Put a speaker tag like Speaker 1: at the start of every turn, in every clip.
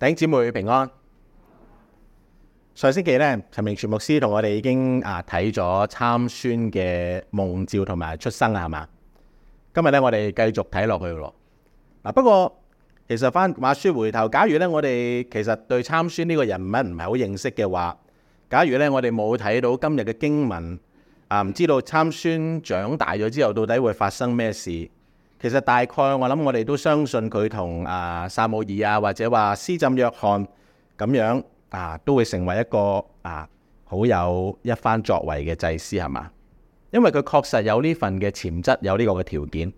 Speaker 1: 弟兄姐妹平安。上星期咧，陳明全牧師同我哋已經啊睇咗參孫嘅夢兆同埋出生啊，係嘛？今日咧，我哋繼續睇落去咯。不過其實話說回頭，假如咧我哋其實對參孫呢個人物唔係好認識嘅話，假如咧我哋冇睇到今日嘅經文啊，唔知道參孫長大咗之後到底會發生咩事？其實大概我諗，我哋都相信佢同啊撒母耳啊，或者話施浸約翰咁樣啊，都會成為一個啊好有一番作為嘅祭司，係嘛？因為佢確實有呢份嘅潛質，有呢個嘅條件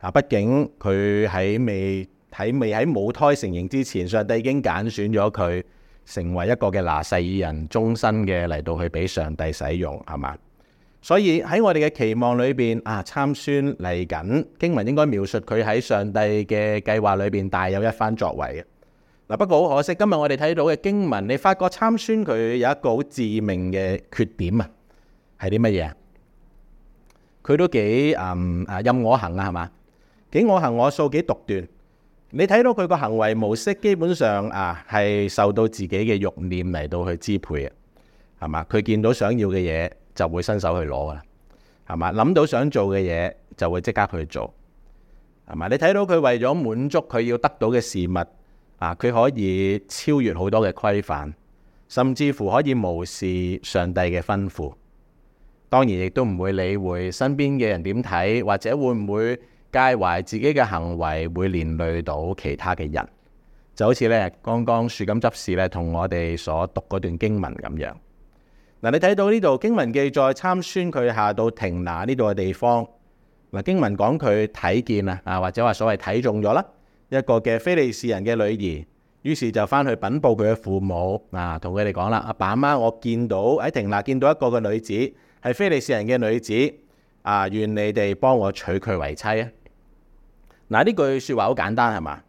Speaker 1: 啊。畢竟佢喺未喺未喺母胎成型之前，上帝已經揀選咗佢成為一個嘅拿細耳人，終身嘅嚟到去俾上帝使用，係嘛？所以喺我哋嘅期望裏邊啊，參孫嚟緊經文應該描述佢喺上帝嘅計劃裏邊大有一番作為嘅嗱。不過好可惜，今日我哋睇到嘅經文，你發覺參孫佢有一個好致命嘅缺點啊，係啲乜嘢啊？佢都幾嗯啊任我行啊，係嘛？幾我行我素，幾獨斷。你睇到佢個行為模式，基本上啊係受到自己嘅慾念嚟到去支配嘅，係嘛？佢見到想要嘅嘢，就會伸手去攞㗎啦，係嘛？諗到想做嘅嘢就會即刻去做，係嘛？你睇到佢為咗滿足佢要得到嘅事物，啊，佢可以超越好多嘅規範，甚至乎可以無視上帝嘅吩咐。當然亦都唔會理會身邊嘅人點睇，或者會唔會介懷自己嘅行為會連累到其他嘅人。就好似咧，剛剛樹根執事咧，同我哋所讀嗰段經文咁樣。嗱，你睇到呢度經文記載參孫佢下到亭拿呢度嘅地方，嗱，經文講佢睇見啊，啊，或者話所謂睇中咗啦，一個嘅非利士人嘅女兒，於是就翻去禀報佢嘅父母啊，同佢哋講啦：阿爸媽，我見到喺亭拿見到一個嘅女子係非利士人嘅女子啊，願你哋幫我娶佢為妻啊！嗱、啊，呢句説話好簡單係嘛？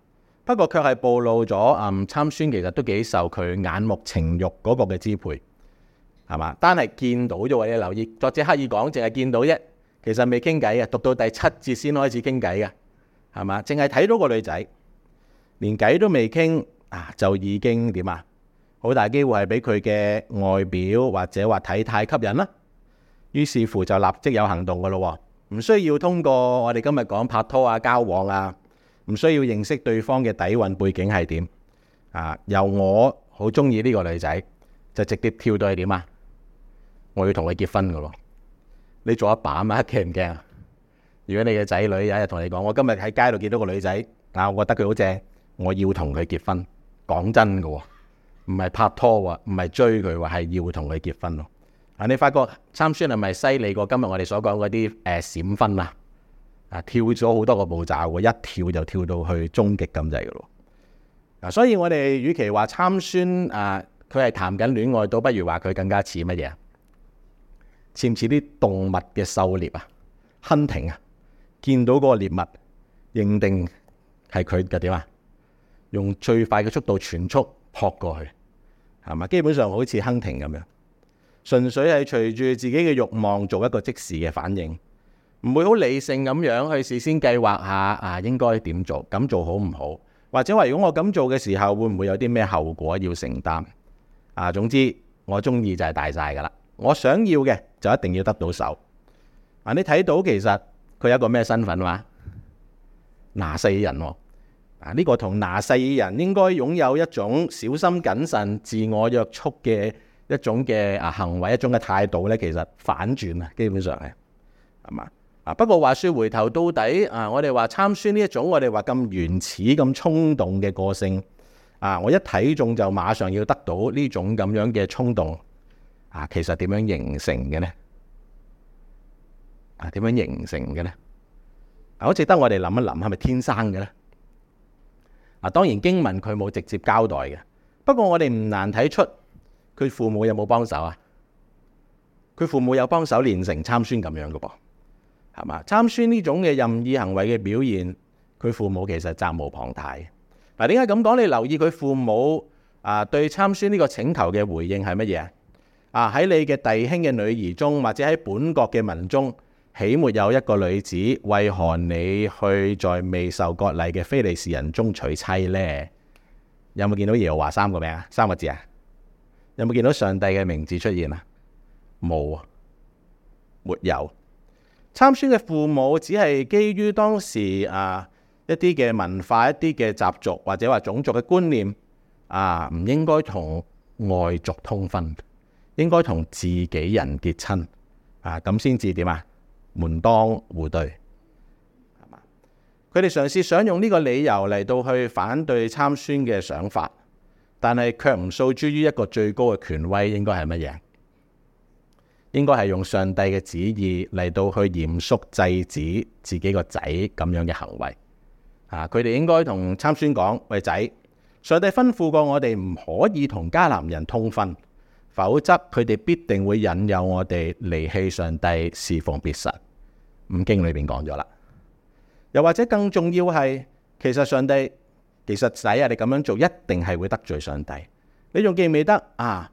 Speaker 1: 不過卻係暴露咗嗯，參孫其實都幾受佢眼目情欲嗰個嘅支配。係嘛？單係見到啫喎，你留意作者刻意講，淨係見到啫。其實未傾偈嘅，讀到第七節先開始傾偈嘅，係嘛？淨係睇到個女仔，連偈都未傾啊，就已經點啊？好大機會係俾佢嘅外表或者話體態吸引啦。於是乎就立即有行動嘅咯喎，唔需要通過我哋今日講拍拖啊、交往啊，唔需要認識對方嘅底蘊背景係點啊？由我好中意呢個女仔，就直接跳到去點啊？我要同佢結婚㗎咯，你做一把啊嘛？驚唔驚啊？如果你嘅仔女有一日同你講，我今日喺街度見到個女仔，嗱，我覺得佢好正，我要同佢結婚。講真嘅喎，唔係拍拖喎，唔係追佢，話係要同佢結婚咯。啊，你發覺參孫係咪犀利過今日我哋所講嗰啲誒閃婚啊？啊，跳咗好多個步驟喎，一跳就跳到去終極咁滯嘅咯。所以我哋與其話參孫啊，佢係談緊戀愛，倒不如話佢更加似乜嘢？似唔似啲動物嘅狩獵啊？hunting 啊，見到個獵物，認定係佢嘅點啊？用最快嘅速度全速撲過去，係嘛？基本上好似 hunting 咁樣，純粹係隨住自己嘅慾望做一個即時嘅反應，唔會好理性咁樣去事先計劃下啊，應該點做？咁做好唔好？或者話如果我咁做嘅時候，會唔會有啲咩後果要承擔？啊，總之我中意就係大晒㗎喇～我想要嘅就一定要得到手。啊，你睇到其實佢有一個咩身份嘛、啊？拿細人喎、哦。啊，呢、這個同拿細人應該擁有一種小心謹慎、自我約束嘅一種嘅啊行為、一種嘅態度咧，其實反轉啊，基本上係係嘛。啊，不過話說回頭到底啊，我哋話參孫呢一種我哋話咁原始、咁衝動嘅個性啊，我一睇中就馬上要得到呢種咁樣嘅衝動。啊，其實點樣形成嘅呢？啊，點樣形成嘅呢？好、啊、值得我哋諗一諗，係咪天生嘅咧？啊，當然經文佢冇直接交代嘅，不過我哋唔難睇出佢父母有冇幫手啊？佢父母有幫手練成參孫咁樣嘅噃，係嘛？參孫呢種嘅任意行為嘅表現，佢父母其實責無旁貸。嗱、啊，點解咁講？你留意佢父母啊對參孫呢個請求嘅回應係乜嘢？啊！喺你嘅弟兄嘅女兒中，或者喺本國嘅民中，豈沒有一個女子？為何你去在未受割禮嘅非利士人中娶妻呢？有冇見到耶和華三個名啊？三個字啊？有冇見到上帝嘅名字出現啊？冇啊，沒有。參孫嘅父母只係基於當時啊一啲嘅文化、一啲嘅習俗，或者話種族嘅觀念啊，唔應該同外族通婚。應該同自己人結親啊，咁先至點啊？門當戶對，係嘛？佢哋嘗試想用呢個理由嚟到去反對參孫嘅想法，但係卻唔訴諸於一個最高嘅權威應該是什麼，應該係乜嘢？應該係用上帝嘅旨意嚟到去嚴肅制止自己個仔咁樣嘅行為啊！佢哋應該同參孫講：喂仔，上帝吩咐過我哋唔可以同迦南人通婚。否則佢哋必定會引誘我哋離棄上帝，侍奉別神。五經裏邊講咗啦，又或者更重要係，其實上帝其實仔啊，你咁樣做一定係會得罪上帝。你仲記唔記得啊？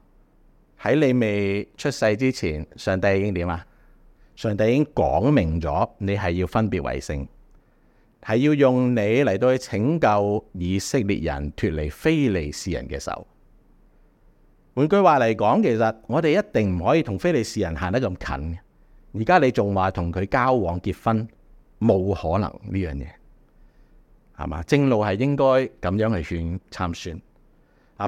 Speaker 1: 喺你未出世之前，上帝已經點啊？上帝已經講明咗，你係要分別為聖，係要用你嚟到拯救以色列人脫離非利士人嘅手。換句話嚟講，其實我哋一定唔可以同非利士人行得咁近。而家你仲話同佢交往結婚，冇可能呢樣嘢，係嘛？正路係應該咁樣去勸參孫。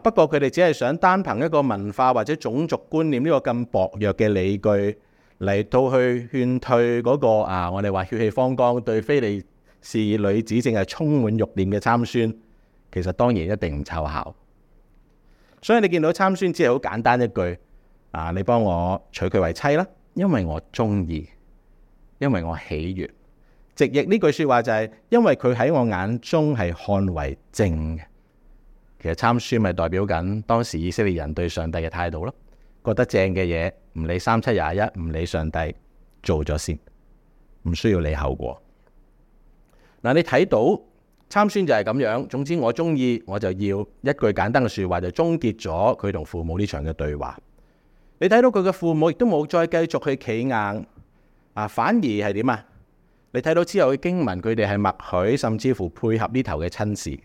Speaker 1: 不過佢哋只係想單憑一個文化或者種族觀念呢個咁薄弱嘅理據嚟到去勸退嗰、嗰個啊，我哋話血氣方剛、對非利士女子淨係充滿慾念嘅參孫，其實當然一定唔湊所以你見到參孫只係好簡單一句，啊，你幫我娶佢為妻啦，因為我中意，因為我喜悦。直譯呢句説話就係、是、因為佢喺我眼中係看為正嘅。其實參孫咪代表緊當時以色列人對上帝嘅態度咯，覺得正嘅嘢，唔理三七廿一，唔理上帝做咗先，唔需要理後果。嗱、啊，你睇到。參孫就係咁樣，總之我中意我就要，一句簡單嘅說話就終結咗佢同父母呢場嘅對話。你睇到佢嘅父母亦都冇再繼續去企硬啊，反而係點啊？你睇到之後嘅經文，佢哋係默許甚至乎配合呢頭嘅親事。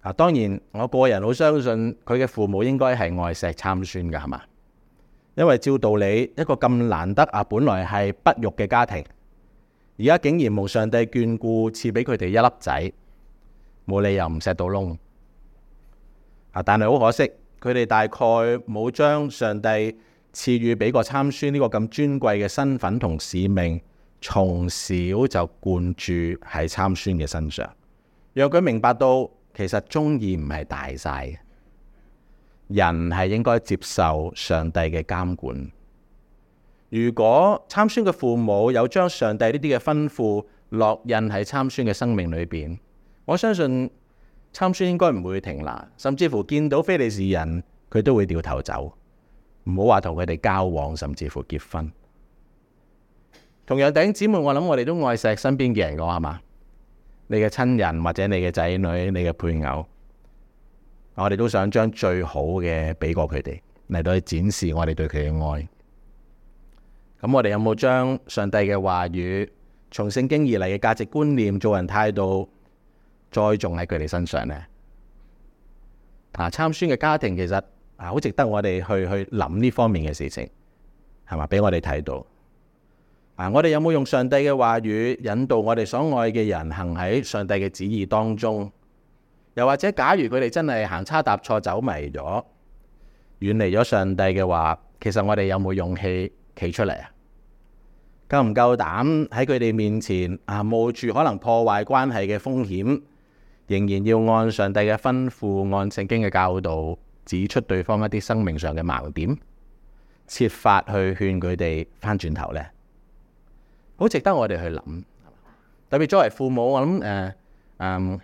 Speaker 1: 啊，當然我個人好相信佢嘅父母應該係愛錫參孫噶，係嘛？因為照道理一個咁難得啊，本來係不育嘅家庭。而家竟然冇上帝眷顧，賜畀佢哋一粒仔，冇理由唔錫到窿。但係好可惜，佢哋大概冇將上帝賜予俾個參孫呢個咁尊貴嘅身份同使命，從小就灌注喺參孫嘅身上，讓佢明白到其實鍾意唔係大晒嘅，人係應該接受上帝嘅監管。如果參孫嘅父母有將上帝呢啲嘅吩咐烙印喺參孫嘅生命裏邊，我相信參孫應該唔會停留，甚至乎見到非利士人，佢都會掉頭走，唔好話同佢哋交往，甚至乎結婚。同樣弟兄姊妹，我諗我哋都愛錫身邊嘅人，噶係嘛？你嘅親人或者你嘅仔女、你嘅配偶，我哋都想將最好嘅俾過佢哋，嚟到去展示我哋對佢嘅愛。咁我哋有冇將上帝嘅話語從聖經而嚟嘅價值觀念、做人態度栽種喺佢哋身上呢？啊，參孫嘅家庭其實啊，好值得我哋去去諗呢方面嘅事情，係嘛？俾我哋睇到啊，我哋有冇用上帝嘅話語引導我哋所愛嘅人行喺上帝嘅旨意當中？又或者，假如佢哋真係行差踏錯、走迷咗、遠離咗上帝嘅話，其實我哋有冇勇氣？企出嚟啊！夠唔夠膽喺佢哋面前啊，冒住可能破壞關係嘅風險，仍然要按上帝嘅吩咐，按聖經嘅教導指出對方一啲生命上嘅盲點，設法去勸佢哋返轉頭呢？好值得我哋去諗。特別作為父母，我諗、呃呃、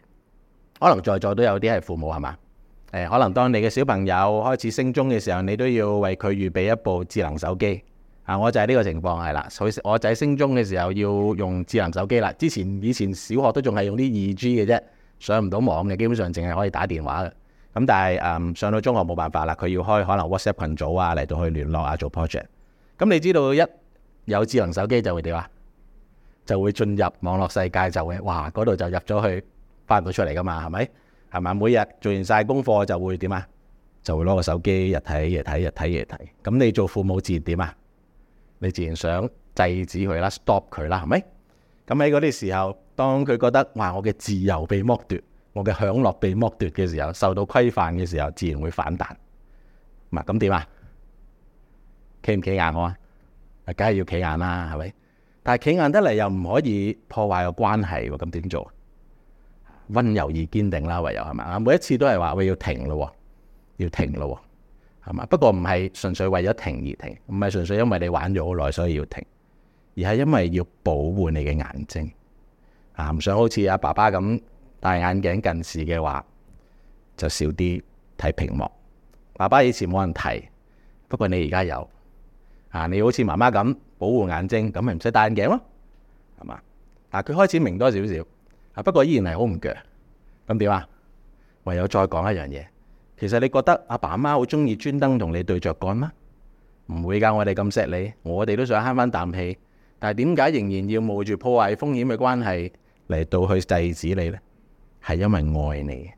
Speaker 1: 可能在座都有啲係父母係嘛、呃、可能當你嘅小朋友開始升中嘅時候，你都要為佢預備一部智能手機。啊！我就係呢個情況係啦。佢，我仔升中嘅時候要用智能手機啦。之前以前小學都仲係用啲二 G 嘅啫，上唔到網嘅，基本上淨係可以打電話嘅。咁但係誒、呃、上到中學冇辦法啦，佢要開可能 WhatsApp 群組啊，嚟到去聯絡啊，做 project。咁你知道一有智能手機就會點啊？就會進入網絡世界，就就就，就會哇嗰度就入咗去翻唔到出嚟噶嘛？係咪係咪？每日做完晒功課就會點啊？就會攞個手機日睇日睇日睇夜睇。咁你做父母自然點啊？你自然想制止佢啦，stop 佢啦，係咪？咁喺嗰啲時候，當佢覺得哇，我嘅自由被剝奪，我嘅享樂被剝奪嘅時候，受到規範嘅時候，自然會反彈。唔係咁點啊？企唔企硬我啊？啊，梗係要企硬啦，係咪？但係企硬得嚟，又唔可以破壞個關係喎，咁點做？溫柔而堅定啦，唯有係咪？啊，每一次都係話，喂，要停咯，要停咯。係嘛？不過唔係純粹為咗停而停，唔係純粹因為你玩咗好耐所以要停，而係因為要保護你嘅眼睛。啊，唔想好似阿爸爸咁戴眼鏡近視嘅話，就少啲睇屏幕。爸爸以前冇人提，不過你而家有。啊，你好似媽媽咁保護眼睛，咁咪唔使戴眼鏡咯。係嘛？啊，佢開始明多少少。啊，不過依然係好唔腳。咁點啊？唯有再講一樣嘢。其實你覺得阿爸阿媽好中意專登同你對着幹嗎？唔會噶，我哋咁錫你，我哋都想慳翻啖氣。但係點解仍然要冒住破壞風險嘅關係嚟到去制止你呢？係因為愛你，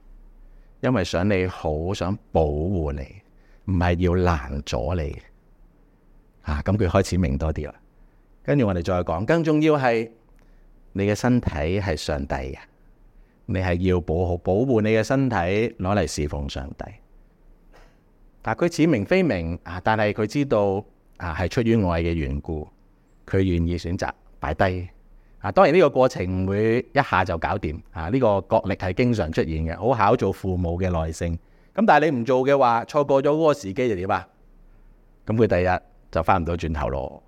Speaker 1: 因為想你好，想保護你，唔係要攔阻你。啊，咁佢開始明多啲啦。跟住我哋再講，更重要係你嘅身體係上帝嘅。你係要保護保護你嘅身體，攞嚟侍奉上帝。但佢似明非明啊！但係佢知道啊，係出於愛嘅緣故，佢願意選擇擺低啊。當然呢個過程唔會一下就搞掂啊。呢個角力係經常出現嘅，好考做父母嘅耐性。咁但係你唔做嘅話，錯過咗嗰個時機就點啊？咁佢第日就翻唔到轉頭咯。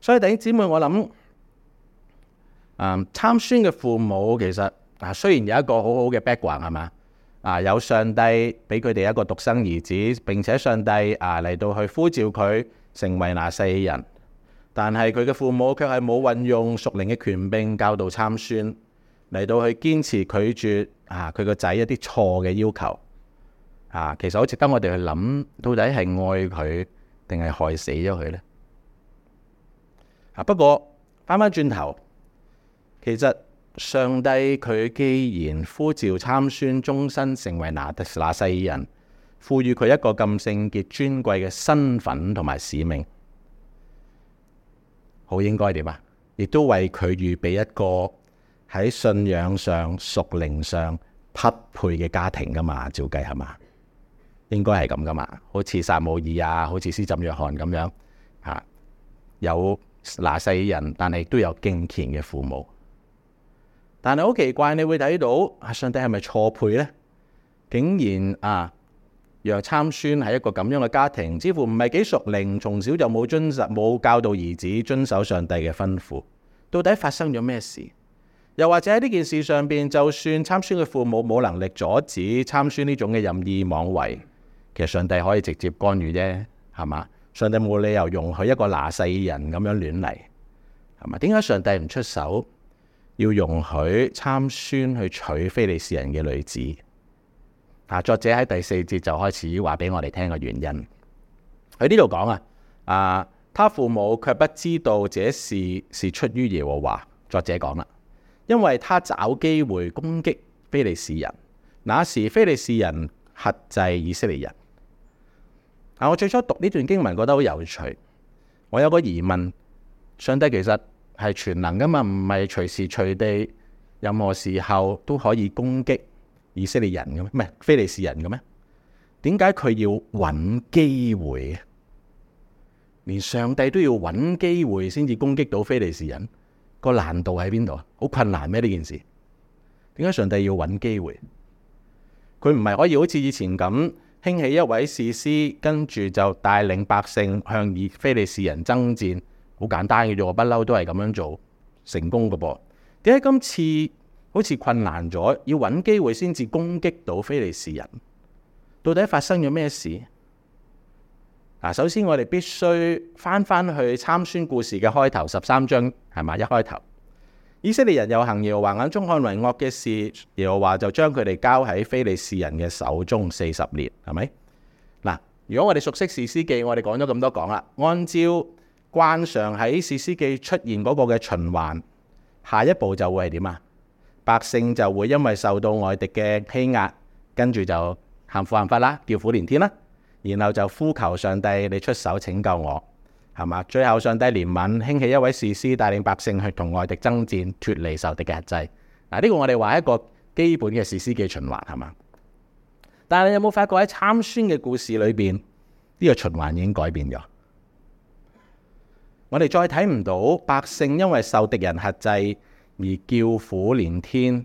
Speaker 1: 所以弟兄姊妹，我諗啊，參孫嘅父母其實。啊，雖然有一個好好嘅 background 係嘛，啊有上帝俾佢哋一個獨生兒子，並且上帝啊嚟到去呼召佢成為拿細耳人，但係佢嘅父母卻係冇運用屬靈嘅權柄教導參孫嚟到去堅持拒絕啊佢個仔一啲錯嘅要求，啊其實好值得我哋去諗到底係愛佢定係害死咗佢呢？不過翻翻轉頭，其實。上帝佢既然呼召參孫終身成為拿細耳人，賦予佢一個咁聖潔尊貴嘅身份同埋使命，好應該點啊？亦都為佢預備一個喺信仰上，屬靈上匹配嘅家庭噶嘛？照計係嘛？應該係咁噶嘛？好似撒母耳啊，好似施浸約翰咁樣吓，有拿細耳人，但係都有敬虔嘅父母。但係好奇怪，你會睇到啊，上帝係咪錯配呢？竟然啊，若參孫係一個咁樣嘅家庭，似乎唔係幾熟靈，從小就冇遵守，冇教導兒子遵守上帝嘅吩咐，到底發生咗咩事？又或者喺呢件事上邊，就算參孫嘅父母冇能力阻止參孫呢種嘅任意妄為，其實上帝可以直接干預啫，係嘛？上帝冇理由容許一個拿細耳人咁樣亂嚟，係嘛？點解上帝唔出手？要容許參孫去娶非利士人嘅女子。啊，作者喺第四節就開始話俾我哋聽個原因。佢呢度講啊，啊，他父母卻不知道這事是，是出於耶和華。作者講啦，因為他找機會攻擊非利士人。那時非利士人克制以色列人。啊，我最初讀呢段經文覺得好有趣。我有個疑問，上帝其實。係全能㗎嘛？唔係隨時隨地、任何時候都可以攻擊以色列人嘅咩？唔係非利士人嘅咩？點解佢要揾機會？連上帝都要揾機會先至攻擊到非利士人，個難度喺邊度啊？好困難咩？呢件事點解上帝要揾機會？佢唔係可以好似以前咁興起一位士師，跟住就帶領百姓向以非利士人爭戰？好簡單嘅啫，我不嬲都係咁樣做成功嘅噃。點解今次好似困難咗？要揾機會先至攻擊到非利士人，到底發生咗咩事？嗱，首先我哋必須翻返去參孫故事嘅開頭十三章，係嘛？一開頭，以色列人又行耶和華眼中看為惡嘅事，耶和華就將佢哋交喺非利士人嘅手中四十年，係咪？嗱，如果我哋熟悉士師記，我哋講咗咁多講啦，按照。慣常喺士師記出現嗰個嘅循環，下一步就會係點啊？百姓就會因為受到外敵嘅欺壓，跟住就喊苦喊法啦，叫苦連天啦，然後就呼求上帝，你出手拯救我，係嘛？最後上帝憐憫，興起一位士師帶領百姓去同外敵爭戰，脱離受敵嘅壓制。嗱，呢個我哋話一個基本嘅士師記循環，係嘛？但係你有冇發覺喺參孫嘅故事裏邊，呢、這個循環已經改變咗？我哋再睇唔到百姓因為受敵人壓制而叫苦連天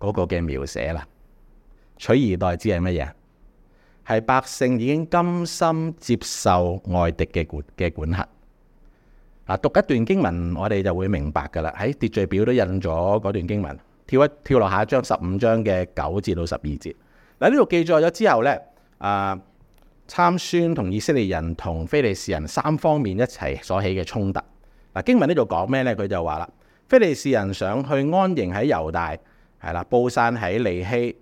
Speaker 1: 嗰個嘅描寫啦，取而代之係乜嘢？係百姓已經甘心接受外敵嘅管嘅管轄。嗱，讀一段經文，我哋就會明白噶啦。喺秩序表都印咗嗰段經文，跳一跳落下一章十五章嘅九節到十二節。嗱，呢度記載咗之後呢。啊。參孫同以色列人同菲利士人三方面一齊所起嘅衝突，嗱經文呢度講咩呢？佢就話啦，菲利士人上去安營喺猶大，係啦，布散喺利希。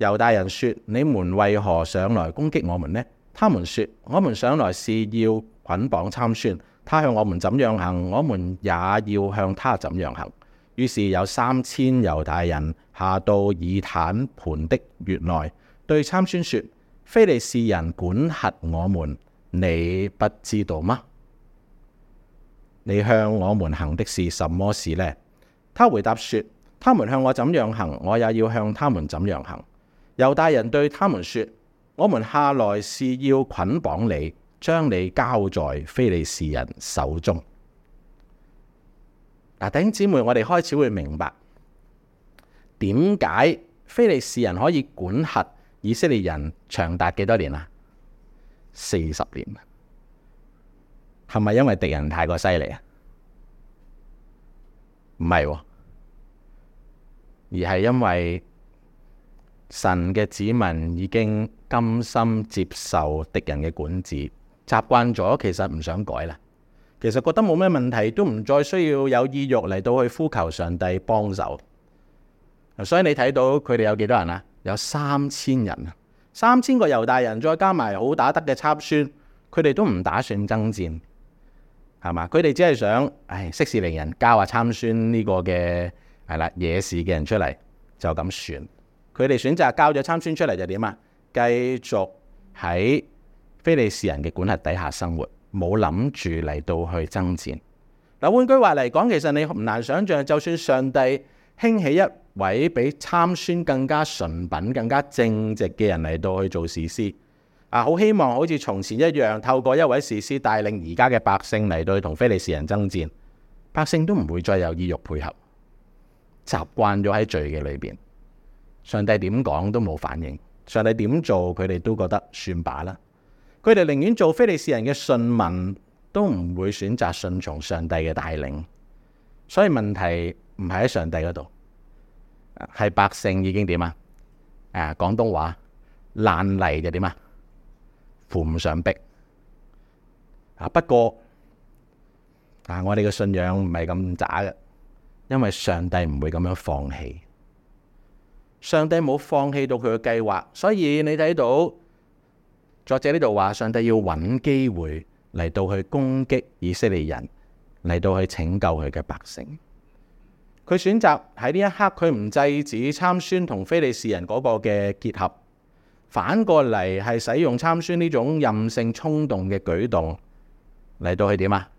Speaker 1: 猶大人說：你們為何上來攻擊我們呢？他們說：我們上來是要捆綁參孫，他向我們怎樣行，我們也要向他怎樣行。於是有三千猶大人下到以坦盤的穴內，對參孫說。非利士人管轄我們，你不知道嗎？你向我們行的是什麼事呢？他回答說：他們向我怎樣行，我也要向他們怎樣行。猶大人對他們說：我們下來是要捆綁你，將你交在非利士人手中。嗱，弟兄姊妹，我哋開始會明白點解非利士人可以管轄。以色列人長達幾多年啦？四十年，係咪因為敵人太過犀利啊？唔係，而係因為神嘅子民已經甘心接受敵人嘅管治，習慣咗，其實唔想改啦。其實覺得冇咩問題，都唔再需要有意欲嚟到去呼求上帝幫手。所以你睇到佢哋有幾多人啊？有三千人啊，三千個猶大人，再加埋好打得嘅參孫，佢哋都唔打算爭戰，係嘛？佢哋只係想，唉、哎，息事寧人，交下參孫呢個嘅係啦，惹事嘅人出嚟就咁算。佢哋選擇交咗參孫出嚟就點啊？繼續喺非利士人嘅管轄底下生活，冇諗住嚟到去爭戰。嗱，換句話嚟講，其實你唔難想象，就算上帝。興起一位比參孫更加純品、更加正直嘅人嚟到去做士師，啊，好希望好似從前一樣，透過一位士師帶領而家嘅百姓嚟到同非利士人爭戰，百姓都唔會再有意欲配合，習慣咗喺罪嘅裏邊，上帝點講都冇反應，上帝點做佢哋都覺得算罷啦，佢哋寧願做非利士人嘅信民，都唔會選擇順從上帝嘅帶領。所以問題唔係喺上帝嗰度，係百姓已經點啊？誒，廣東話爛泥就點啊？扶唔上壁啊！不過啊，我哋嘅信仰唔係咁渣嘅，因為上帝唔會咁樣放棄，上帝冇放棄到佢嘅計劃。所以你睇到作者呢度話，上帝要揾機會嚟到去攻擊以色列人。嚟到去拯救佢嘅百姓，佢選擇喺呢一刻佢唔制止參孫同非利士人嗰個嘅結合，反過嚟係使用參孫呢種任性衝動嘅舉動嚟到去點啊？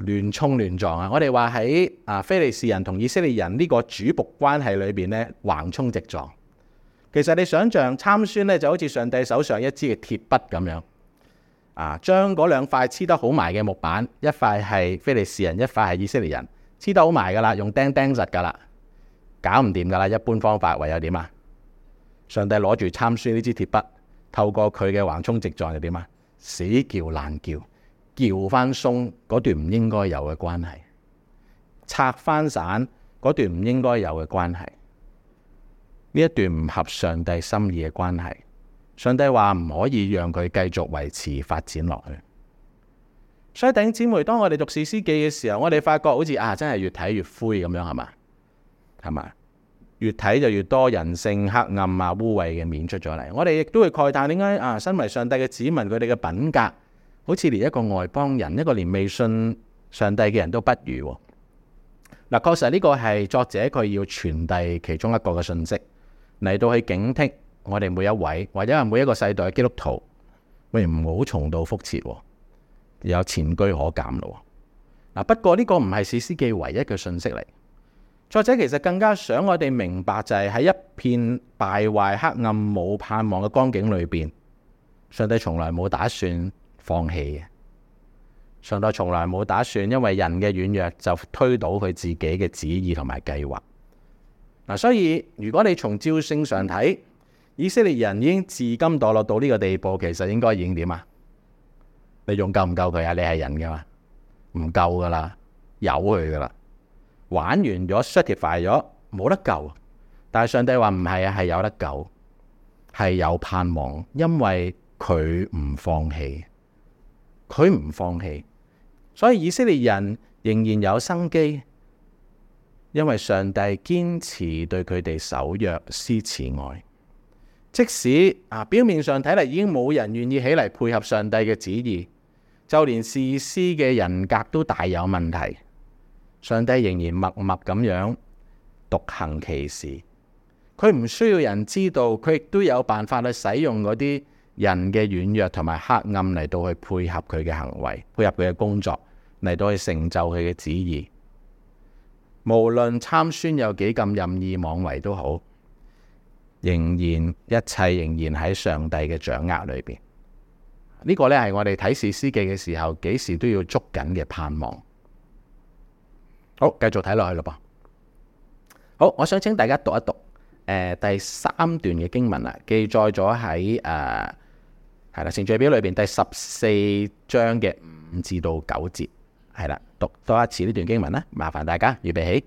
Speaker 1: 亂衝亂撞啊！我哋話喺啊非利士人同以色列人呢個主僕關係裏邊呢橫衝直撞，其實你想象參孫呢，就好似上帝手上一支嘅鐵筆咁樣。啊！將嗰兩塊黐得好埋嘅木板，一塊係非利士人，一塊係以色列人，黐得好埋噶啦，用釘釘實噶啦，搞唔掂噶啦。一般方法唯有點啊？上帝攞住參孫呢支鐵筆，透過佢嘅橫衝直撞就點啊？死撬爛撬，撬翻鬆嗰段唔應該有嘅關係，拆翻散嗰段唔應該有嘅關係，呢一段唔合上帝心意嘅關係。上帝話唔可以讓佢繼續維持發展落去，所以頂姊妹，當我哋讀士師記嘅時候，我哋發覺好似啊，真係越睇越灰咁樣，係嘛？係嘛？越睇就越多人性黑暗啊、污穢嘅面出咗嚟。我哋亦都會慨嘆，點解啊？身為上帝嘅子民，佢哋嘅品格好似連一個外邦人、一個連未信上帝嘅人都不如喎、啊。嗱，確實呢個係作者佢要傳遞其中一個嘅信息嚟到去警惕。我哋每一位，或者係每一個世代嘅基督徒，喂，唔好重蹈覆轍，有前車可鑑咯。嗱，不過呢個唔係士師記唯一嘅信息嚟。作者其實更加想我哋明白，就係喺一片敗壞、黑暗、冇盼望嘅光景裏邊，上帝從來冇打算放棄嘅。上帝從來冇打算，因為人嘅軟弱就推倒佢自己嘅旨意同埋計劃。嗱，所以如果你從照性上睇，以色列人已經至今墮落到呢個地步，其實應該已經點啊？你仲救唔救佢啊？你係人噶嘛？唔救噶啦，有佢噶啦，玩完咗，certify 咗，冇得救。但係上帝話唔係啊，係有得救，係有盼望，因為佢唔放棄，佢唔放棄，所以以色列人仍然有生機，因為上帝堅持對佢哋守約施慈愛。即使啊，表面上睇嚟已經冇人願意起嚟配合上帝嘅旨意，就連士師嘅人格都大有問題，上帝仍然默默咁樣獨行其事。佢唔需要人知道，佢亦都有辦法去使用嗰啲人嘅軟弱同埋黑暗嚟到去配合佢嘅行為，配合佢嘅工作，嚟到去成就佢嘅旨意。無論參孫有幾咁任意妄為都好。仍然一切仍然喺上帝嘅掌握裏邊，呢、這個呢，係我哋睇士師記嘅時候，幾時都要捉緊嘅盼望。好，繼續睇落去啦噃。好，我想請大家讀一讀、呃、第三段嘅經文啦、啊，記載咗喺誒係啦程序表裏邊第十四章嘅五至到九節，係啦，讀多一次呢段經文啦，麻煩大家預備起。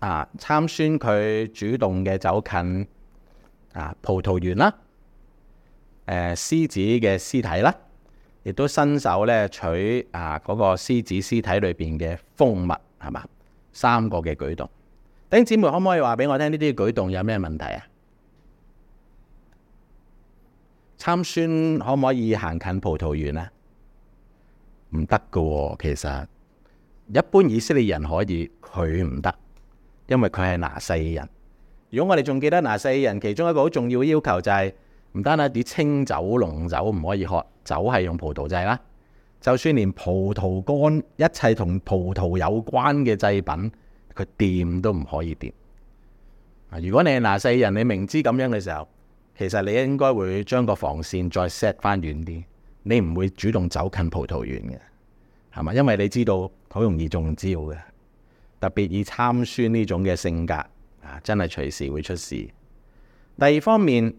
Speaker 1: 啊！參孫佢主動嘅走近啊葡萄園啦、啊，誒、呃、獅子嘅屍體啦、啊，亦都伸手咧取啊嗰、那個獅子屍體裏邊嘅蜂蜜，係嘛？三個嘅舉動，弟兄姊妹可唔可以話俾我聽呢啲舉動有咩問題啊？參孫可唔可以行近葡萄園咧、啊？唔得㗎喎，其實一般以色列人可以，佢唔得。因為佢係拿細耳人，如果我哋仲記得拿細耳人，其中一個好重要嘅要求就係唔單止啲清酒、濃酒唔可以喝，酒係用葡萄製啦，就算連葡萄乾，一切同葡萄有關嘅製品，佢掂都唔可以掂。啊，如果你係拿細耳人，你明知咁樣嘅時候，其實你應該會將個防線再 set 翻遠啲，你唔會主動走近葡萄園嘅，係嘛？因為你知道好容易中招嘅。特別以參孫呢種嘅性格，啊，真係隨時會出事。第二方面，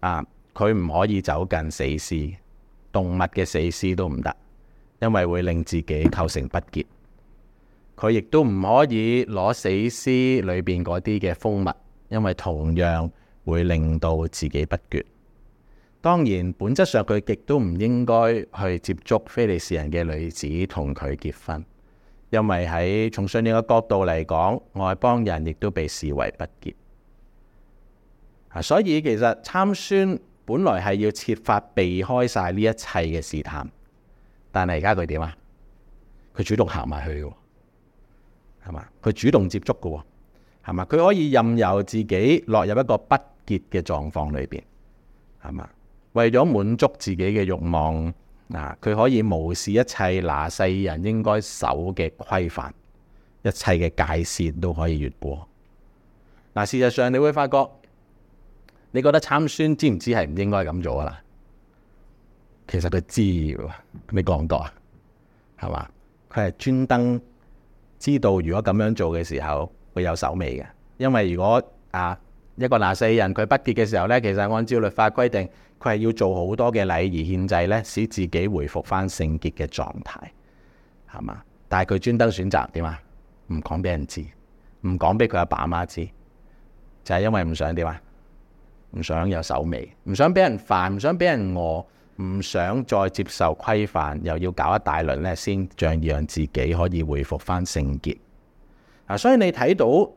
Speaker 1: 啊，佢唔可以走近死屍，動物嘅死屍都唔得，因為會令自己構成不潔。佢亦都唔可以攞死屍裏邊嗰啲嘅蜂蜜，因為同樣會令到自己不潔。當然，本質上佢亦都唔應該去接觸非利士人嘅女子，同佢結婚。因為喺從信仰嘅角度嚟講，外邦人亦都被視為不潔。啊，所以其實參孫本來係要設法避開晒呢一切嘅試探，但係而家佢點啊？佢主動行埋去嘅，係嘛？佢主動接觸嘅，係嘛？佢可以任由自己落入一個不潔嘅狀況裏邊，係嘛？為咗滿足自己嘅慾望。嗱，佢可以無視一切拿世人應該守嘅規範，一切嘅界線都可以越過。嗱，事實上你會發覺，你覺得參孫知唔知係唔應該咁做噶啦？其實佢知啊，咩講到啊，係嘛？佢係專登知道如果咁樣做嘅時候會有手尾嘅，因為如果啊一個拿世人佢不潔嘅時候呢，其實按照律法規定。佢係要做好多嘅禮儀獻祭咧，使自己回復翻聖潔嘅狀態，係嘛？但係佢專登選擇點啊？唔講俾人知，唔講俾佢阿爸媽知，就係、是、因為唔想點啊？唔想有手尾，唔想俾人煩，唔想俾人餓，唔想再接受規範，又要搞一大輪咧，先像讓自己可以回復翻聖潔。嗱、啊，所以你睇到誒、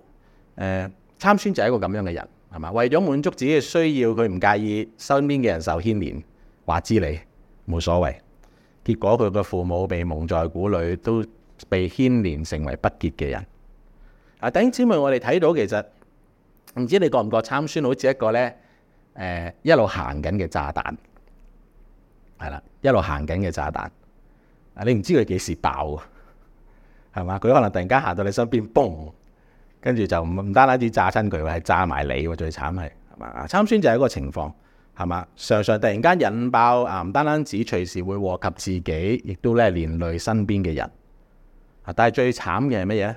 Speaker 1: 呃、參孫就係一個咁樣嘅人。係嘛？為咗滿足自己嘅需要，佢唔介意身邊嘅人受牽連，話知你冇所謂。結果佢嘅父母被蒙在鼓裏，都被牽連成為不潔嘅人。啊，弟兄姊妹，我哋睇到其實唔知道你覺唔覺參孫好似一個呢誒、呃，一路行緊嘅炸彈，係啦，一路行緊嘅炸彈。啊，你唔知佢幾時爆啊？係嘛？佢可能突然間行到你身邊，嘣！跟住就唔唔單單只炸親佢，係炸埋你，最慘係係嘛？參孫就係一個情況係嘛？常常突然間引爆啊，唔單單只隨時會禍及自己，亦都咧連累身邊嘅人。但係最慘嘅係乜嘢？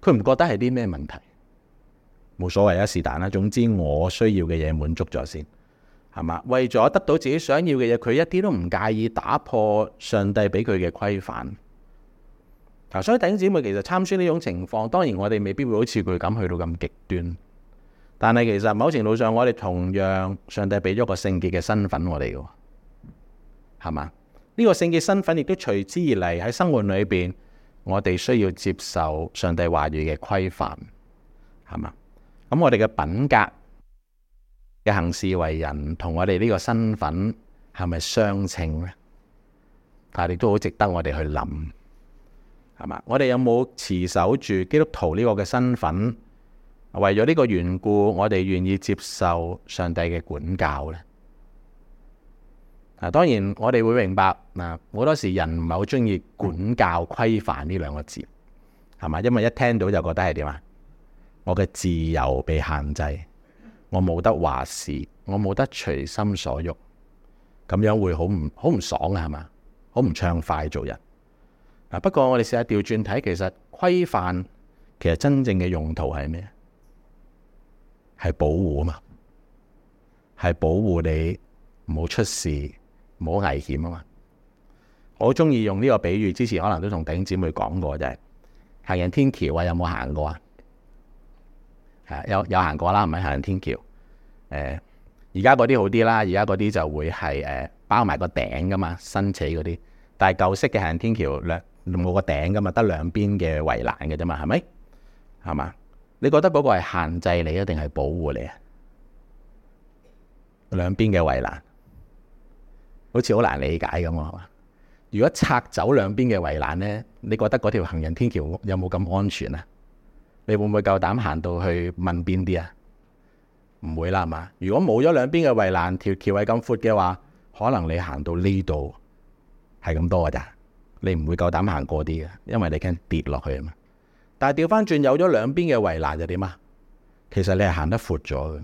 Speaker 1: 佢唔覺得係啲咩問題，冇所謂啊，是但啦。總之我需要嘅嘢滿足咗先係嘛？為咗得到自己想要嘅嘢，佢一啲都唔介意打破上帝俾佢嘅規範。啊！所以弟兄姊妹，其實參孫呢種情況，當然我哋未必會好似佢咁去到咁極端，但係其實某程度上，我哋同樣上帝俾咗個聖潔嘅身份我哋嘅，係嘛？呢個聖潔身份亦都隨之而嚟喺生活裏邊，我哋需要接受上帝話語嘅規範，係嘛？咁我哋嘅品格嘅行事為人，同我哋呢個身份係咪相稱呢？但係亦都好值得我哋去諗。係嘛？我哋有冇持守住基督徒呢個嘅身份？為咗呢個緣故，我哋願意接受上帝嘅管教呢？啊，當然我哋會明白。嗱，好多時人唔係好中意管教規範呢兩個字，係嘛？因為一聽到就覺得係點啊？我嘅自由被限制，我冇得話事，我冇得隨心所欲，咁樣會好唔好唔爽啊？係嘛？好唔暢快做人。嗱，不過我哋試下調轉睇，其實規範其實真正嘅用途係咩？係保護啊嘛，係保護你冇出事、冇危險啊嘛。我中意用呢個比喻，之前可能都同頂姊妹講過，就係、是、行人天橋啊，有冇行過啊？係有有行過啦，唔係行人天橋？誒、呃，而家嗰啲好啲啦，而家嗰啲就會係誒、呃、包埋個頂噶嘛，新起嗰啲。但係舊式嘅行人天橋咧～冇個頂噶嘛，得兩邊嘅圍欄嘅啫嘛，係咪？係嘛？你覺得嗰個係限制你，定係保護你啊？兩邊嘅圍欄好似好難理解咁喎。係嘛？如果拆走兩邊嘅圍欄咧，你覺得嗰條行人天橋有冇咁安全啊？你會唔會夠膽行到去問邊啲啊？唔會啦，係嘛？如果冇咗兩邊嘅圍欄，條橋係咁闊嘅話，可能你行到呢度係咁多噶咋。你唔會夠膽行過啲嘅，因為你驚跌落去啊嘛。但係調翻轉有咗兩邊嘅圍欄就點啊？其實你係行得闊咗嘅，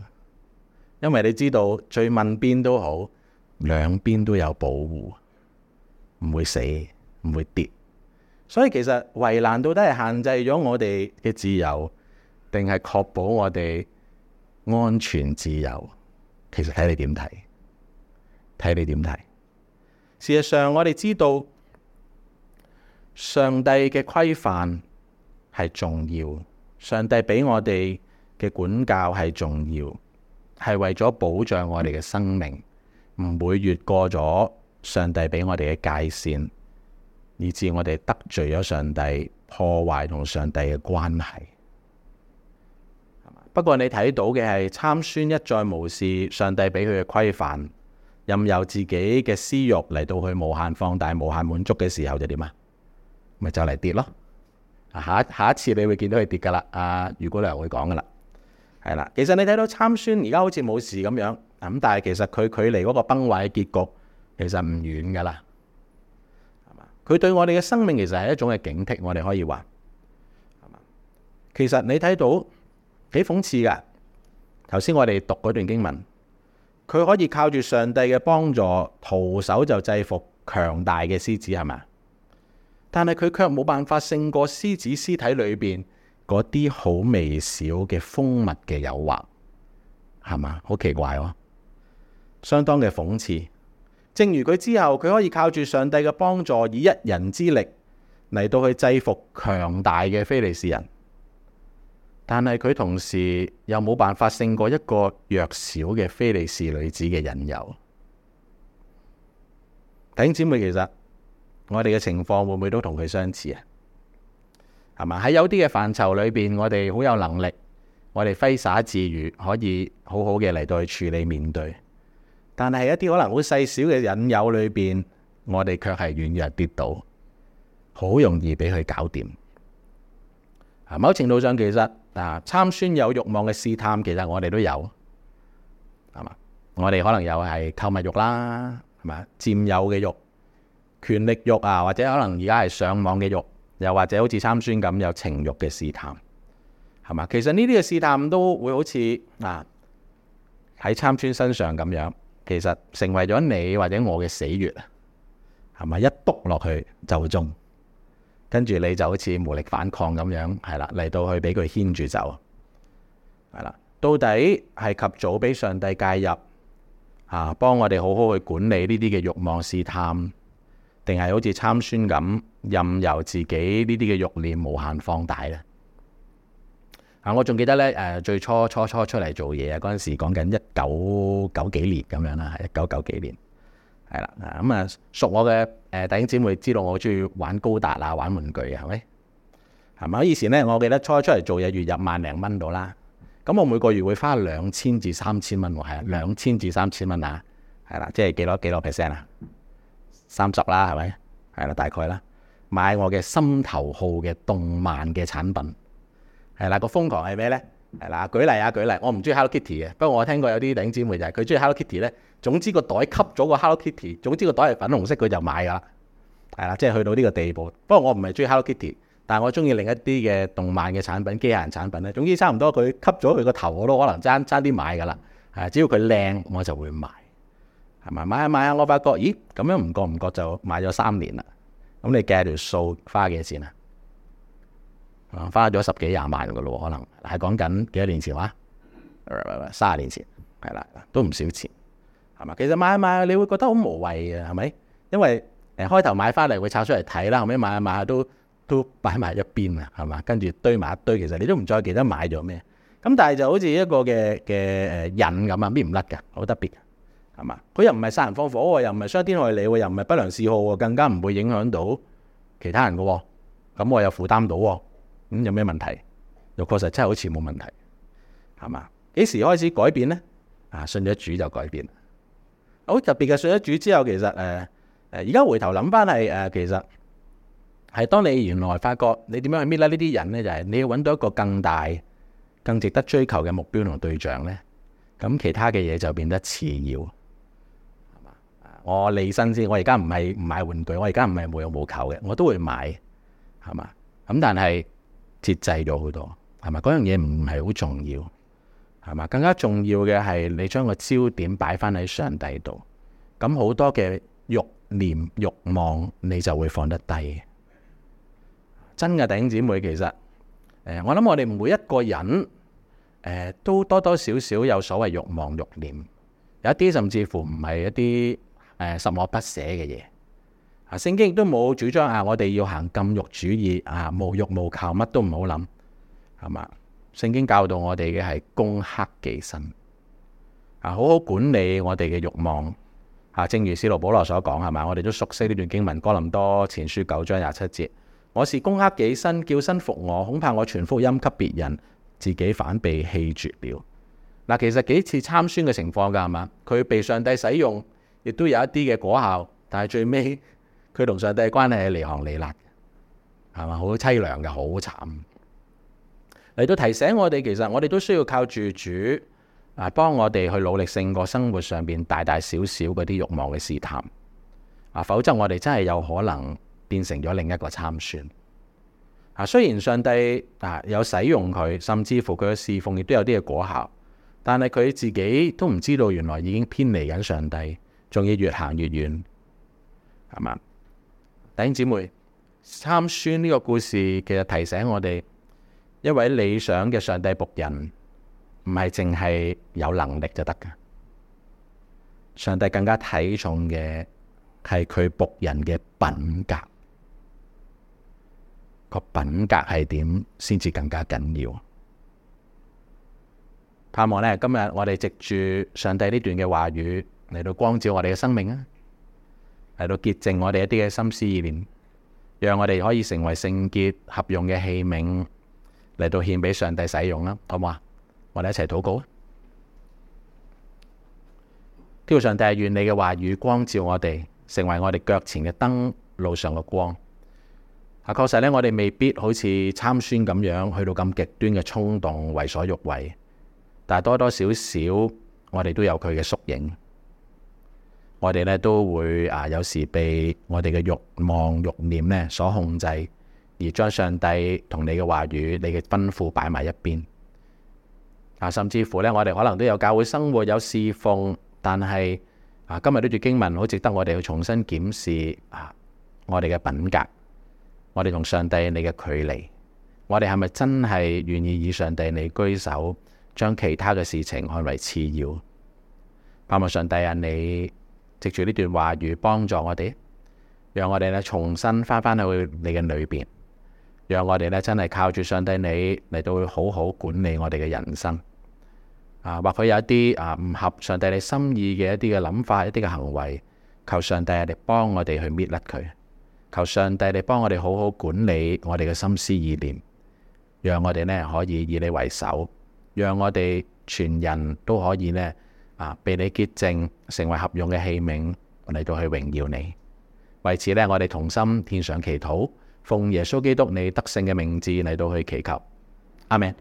Speaker 1: 因為你知道，最問邊都好，兩邊都有保護，唔會死，唔會跌。所以其實圍欄到底係限制咗我哋嘅自由，定係確保我哋安全自由？其實睇你點睇，睇你點睇。事實上，我哋知道。上帝嘅規範係重要，上帝俾我哋嘅管教係重要，係為咗保障我哋嘅生命，唔會越過咗上帝俾我哋嘅界線，以致我哋得罪咗上帝，破壞同上帝嘅關係。不過你睇到嘅係參孫一再無視上帝俾佢嘅規範，任由自己嘅私欲嚟到去無限放大、無限滿足嘅時候就，就點啊？咪就嚟跌咯！下下一次你會見到佢跌噶啦，啊，如果你又會講噶啦，係啦。其實你睇到參孫而家好似冇事咁樣，咁但係其實佢距離嗰個崩壞嘅結局其實唔遠噶啦，係嘛？佢對我哋嘅生命其實係一種嘅警惕，我哋可以話，係嘛？其實你睇到幾諷刺噶，頭先我哋讀嗰段經文，佢可以靠住上帝嘅幫助，徒手就制服強大嘅獅子，係嘛？但係佢卻冇辦法勝過獅子屍體裏邊嗰啲好微小嘅蜂蜜嘅誘惑，係嘛？好奇怪哦，相當嘅諷刺。正如佢之後佢可以靠住上帝嘅幫助，以一人之力嚟到去制服強大嘅非利士人，但係佢同時又冇辦法勝過一個弱小嘅非利士女子嘅引誘。弟兄姊妹，其實。我哋嘅情況會唔會都同佢相似啊？係嘛？喺有啲嘅範疇裏邊，我哋好有能力，我哋揮灑自如，可以好好嘅嚟到去處理面對。但係一啲可能好細小嘅引誘裏邊，我哋卻係軟弱跌倒，好容易俾佢搞掂。啊，某程度上其實啊，參孫有慾望嘅試探，其實我哋都有，係嘛？我哋可能有係購物慾啦，係嘛？佔有嘅慾。權力慾啊，或者可能而家係上網嘅慾，又或者好似參孫咁有情慾嘅試探，係嘛？其實呢啲嘅試探都會好似啊喺參孫身上咁樣，其實成為咗你或者我嘅死穴，係咪一篤落去就中，跟住你就好似無力反抗咁樣，係啦，嚟到去俾佢牽住走，係啦，到底係及早俾上帝介入啊，幫我哋好好去管理呢啲嘅欲望試探。定係好似參孫咁，任由自己呢啲嘅慾念無限放大咧。啊，我仲記得咧，誒最初初初出嚟做嘢啊，嗰陣時講緊一九九幾年咁樣啦，一九九幾年，係啦。咁啊，熟我嘅誒、呃、弟兄姊妹知道我中意玩高達啊，玩玩，玩具啊，係咪？係咪？以前咧，我記得初，初出嚟做嘢，月入萬零蚊到啦。咁我每個月會花兩千至三千蚊喎，係啊，兩千至三千蚊啊，係啦，即係幾多幾多 percent 啊？三十啦，係咪？係啦，大概啦。買我嘅心頭好嘅動漫嘅產品，係啦。個瘋狂係咩咧？係啦，舉例啊，舉例。我唔中意 Hello Kitty 嘅，不過我聽過有啲姊妹就係佢中意 Hello Kitty 咧。總之個袋吸咗個 Hello Kitty，總之個袋係粉紅色，佢就買噶啦。係啦，即係去到呢個地步。不過我唔係中意 Hello Kitty，但係我中意另一啲嘅動漫嘅產品、機械人產品咧。總之差唔多，佢吸咗佢個頭，我都可能爭爭啲買噶啦。係，只要佢靚，我就會買。係咪買下買下，我發覺咦，咁樣唔覺唔覺就買咗三年啦。咁你計條數花幾錢啊？啊，花咗十幾廿萬噶咯，可能係講緊幾多年前話？明白嗎？卅年前係啦，都唔少錢係嘛。其實買一買，你會覺得好無謂呀，係咪？因為誒開頭買翻嚟會拆出嚟睇啦，後尾買一買下都都擺埋一邊啦，係嘛？跟住堆埋一堆，其實你都唔再記得買咗咩。咁但係就好似一個嘅嘅誒癮咁啊，搣唔甩㗎，好特別。係嘛？佢又唔係殺人放火，又唔係傷天害理，又唔係不良嗜好，更加唔會影響到其他人嘅，哦。咁我又負擔到，哦、咁、嗯、有咩問題？又確實真係好似冇問題，係嘛？幾時開始改變呢？啊，信咗主就改變。好特別嘅，信咗主之後，其實誒誒、而、呃、家回頭諗翻係誒，其實係當你原來發覺你點樣去搣啦，呢啲人呢，就係、是、你要搵到一個更大、更值得追求嘅目標同對象呢，咁其他嘅嘢就變得次要。我理身先，我而家唔係唔買玩具，我而家唔係冇有冇求嘅，我都會買，係嘛？咁但係節制咗好多，係嘛？嗰樣嘢唔係好重要，係嘛？更加重要嘅係你將個焦點擺返喺上帝度，咁好多嘅慾念、慾望你就會放得低。真嘅，弟兄姊妹其實，我諗我哋每一個人，呃，都多多少少有所謂慾望、慾念，有一啲甚至乎唔係一啲。誒，什我不捨嘅嘢啊？聖經亦都冇主張啊，我哋要行禁慾主義啊，無慾無求，乜都唔好諗，係嘛？聖經教導我哋嘅係攻克己身啊，好好管理我哋嘅慾望啊。正如使徒保羅所講，係嘛？我哋都熟悉呢段經文，哥林多前書九章廿七節。我是攻克己身，叫身服我，恐怕我傳福音給別人，自己反被棄絕了。嗱、啊，其實幾次參孫嘅情況噶，係嘛？佢被上帝使用。亦都有一啲嘅果效，但係最尾佢同上帝嘅關係係離行離辣嘅，係嘛？好淒涼嘅，好慘，嚟到提醒我哋，其實我哋都需要靠住主啊，幫我哋去努力勝過生活上邊大大小小嗰啲欲望嘅試探啊，否則我哋真係有可能變成咗另一個參孫啊。雖然上帝啊有使用佢，甚至乎佢嘅侍奉亦都有啲嘅果效，但係佢自己都唔知道，原來已經偏離緊上帝，仲要越行越遠，係嘛吧？弟兄姊妹，參孫呢個故事其實提醒我哋，一位理想嘅上帝僕人，唔係淨係有能力就得㗎。上帝更加睇重嘅係佢僕人嘅品格，個品格係點先至更加緊要。盼望呢，今日我哋藉住上帝呢段嘅話語。嚟到光照我哋嘅生命啊！嚟到潔淨我哋一啲嘅心思意念，讓我哋可以成為聖潔合用嘅器皿，嚟到獻俾上帝使用啦，啊，好唔好啊？我哋一齊禱告，啊！求上帝願你嘅話語光照我哋，成為我哋腳前嘅燈，路上嘅光。啊，確實咧，我哋未必好似參孫咁樣去到咁極端嘅衝動為所欲為，但係多多少少我哋都有佢嘅縮影。我哋咧都會啊，有時被我哋嘅慾望、慾念咧所控制，而將上帝同你嘅話語、你嘅吩咐擺埋一邊啊。甚至乎咧，我哋可能都有教會生活、有侍奉，但係啊，今日呢段經文好值得我哋去重新檢視啊，我哋嘅品格，我哋同上帝你嘅距離，我哋係咪真係願意以上帝你居首，將其他嘅事情看為次要？阿無上帝啊，你～藉住呢段話語幫助我哋，讓我哋咧重新翻返去你嘅裏邊，讓我哋咧真係靠住上帝你嚟到好好管理我哋嘅人生。啊，或佢有一啲啊唔合上帝你心意嘅一啲嘅諗法、一啲嘅行為，求上帝你幫我哋去搣甩佢，求上帝你幫我哋好好管理我哋嘅心思意念，讓我哋咧可以以你為首，讓我哋全人都可以咧。啊！被你潔淨，成為合用嘅器皿，嚟到去榮耀你。為此呢，我哋同心獻上祈禱，奉耶穌基督你得勝嘅名字嚟到去祈求。阿門。